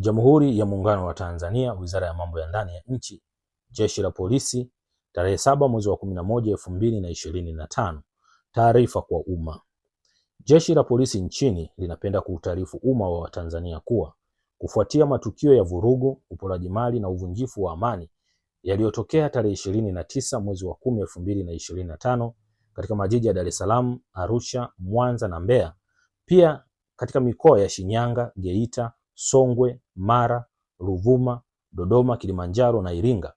Jamhuri ya Muungano wa Tanzania, Wizara ya Mambo ya Ndani ya Nchi, Jeshi la Polisi, tarehe saba mwezi wa 11 2025. Taarifa kwa umma. Jeshi la Polisi nchini linapenda kuutaarifu umma wa Watanzania kuwa kufuatia matukio ya vurugu, uporaji mali na uvunjifu wa amani yaliyotokea tarehe ishirini tisa mwezi wa 10 2025 katika majiji ya Dar es Salaam, Arusha, Mwanza na Mbeya, pia katika mikoa ya Shinyanga, Geita, Songwe, Mara, Ruvuma, Dodoma, Kilimanjaro na Iringa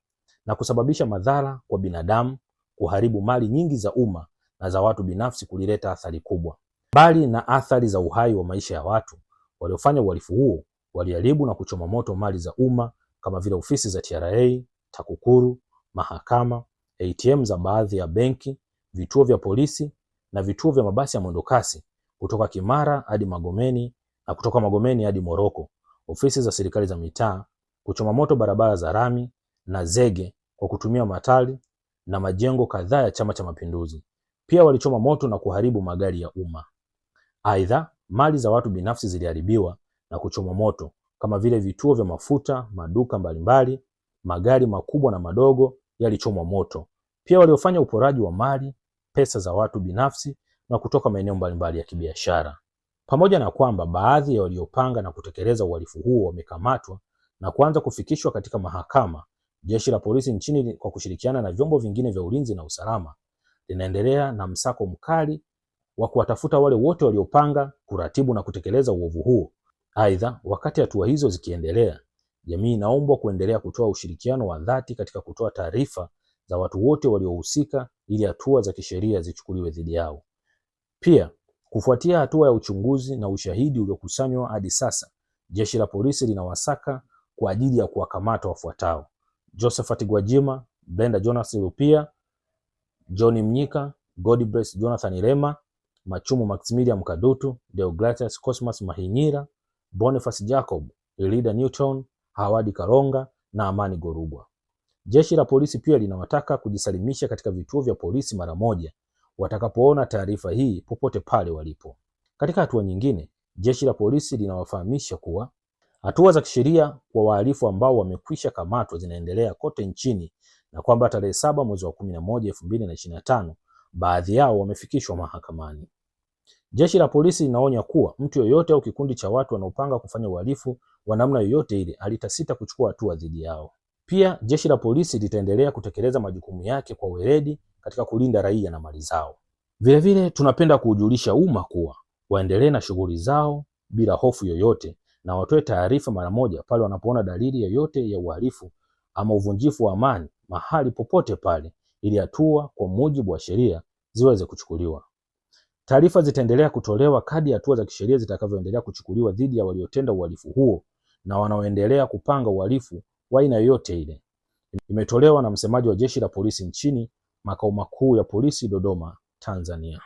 na kusababisha madhara kwa binadamu, kuharibu mali nyingi za umma na za watu binafsi, kulileta athari kubwa. Mbali na athari za uhai wa maisha ya watu, waliofanya uhalifu huo waliharibu na kuchoma moto mali za umma kama vile ofisi za TRA, TAKUKURU, mahakama, ATM za baadhi ya benki, vituo vya polisi na vituo vya mabasi ya mwendokasi kutoka Kimara hadi Magomeni na kutoka Magomeni hadi Moroko, ofisi za serikali za mitaa, kuchoma moto barabara za rami na zege kwa kutumia matali na majengo kadhaa ya Chama cha Mapinduzi. Pia walichoma moto na kuharibu magari ya umma. Aidha, mali za watu binafsi ziliharibiwa na kuchomwa moto kama vile vituo vya mafuta, maduka mbalimbali, magari makubwa na madogo yalichomwa moto. Pia waliofanya uporaji wa mali, pesa za watu binafsi na kutoka maeneo mbalimbali ya kibiashara. Pamoja na kwamba baadhi ya waliopanga na kutekeleza uhalifu huo wamekamatwa na kuanza kufikishwa katika mahakama, jeshi la polisi nchini kwa kushirikiana na vyombo vingine vya ulinzi na usalama linaendelea na msako mkali wa kuwatafuta wale wote waliopanga, kuratibu na kutekeleza uovu huo. Aidha, wakati hatua hizo zikiendelea, jamii inaombwa kuendelea kutoa ushirikiano wa dhati katika kutoa taarifa za watu wote waliohusika ili hatua za kisheria zichukuliwe dhidi yao. Pia Kufuatia hatua ya uchunguzi na ushahidi uliokusanywa hadi sasa, jeshi la polisi linawasaka kwa ajili ya kuwakamata wafuatao: Josephat Gwajima, Brenda Jonas Rupia, John Mnyika, Godbless Jonathan rema Machumu Maximilian Kadutu, Deogratias Cosmas Mahinyira, Boniface Jacob, Elida Newton, Hawadi Karonga na Amani Gorugwa. Jeshi la polisi pia linawataka kujisalimisha katika vituo vya polisi mara moja watakapoona taarifa hii popote pale walipo. Katika hatua nyingine, jeshi la polisi linawafahamisha kuwa hatua za kisheria kwa wahalifu ambao wamekwisha kamatwa zinaendelea kote nchini na kwamba tarehe saba mwezi wa kumi na moja elfu mbili na ishirini na tano baadhi yao wamefikishwa mahakamani. Jeshi la polisi linaonya kuwa mtu yoyote au kikundi cha watu wanaopanga kufanya uhalifu wa namna yoyote ile alitasita kuchukua hatua dhidi yao. Pia jeshi la polisi litaendelea kutekeleza majukumu yake kwa weledi katika kulinda raia na mali zao. Vilevile tunapenda kuujulisha umma kuwa waendelee na shughuli zao bila hofu yoyote na watoe taarifa mara moja pale wanapoona dalili yoyote ya uhalifu ama uvunjifu wa amani mahali popote pale, ili hatua kwa mujibu wa sheria ziweze kuchukuliwa. Taarifa zitaendelea kutolewa kadri hatua za kisheria zitakavyoendelea kuchukuliwa dhidi ya waliotenda uhalifu huo na wanaoendelea kupanga uhalifu wa aina yoyote ile. Imetolewa na msemaji wa Jeshi la Polisi nchini makao makuu ya polisi Dodoma, Tanzania.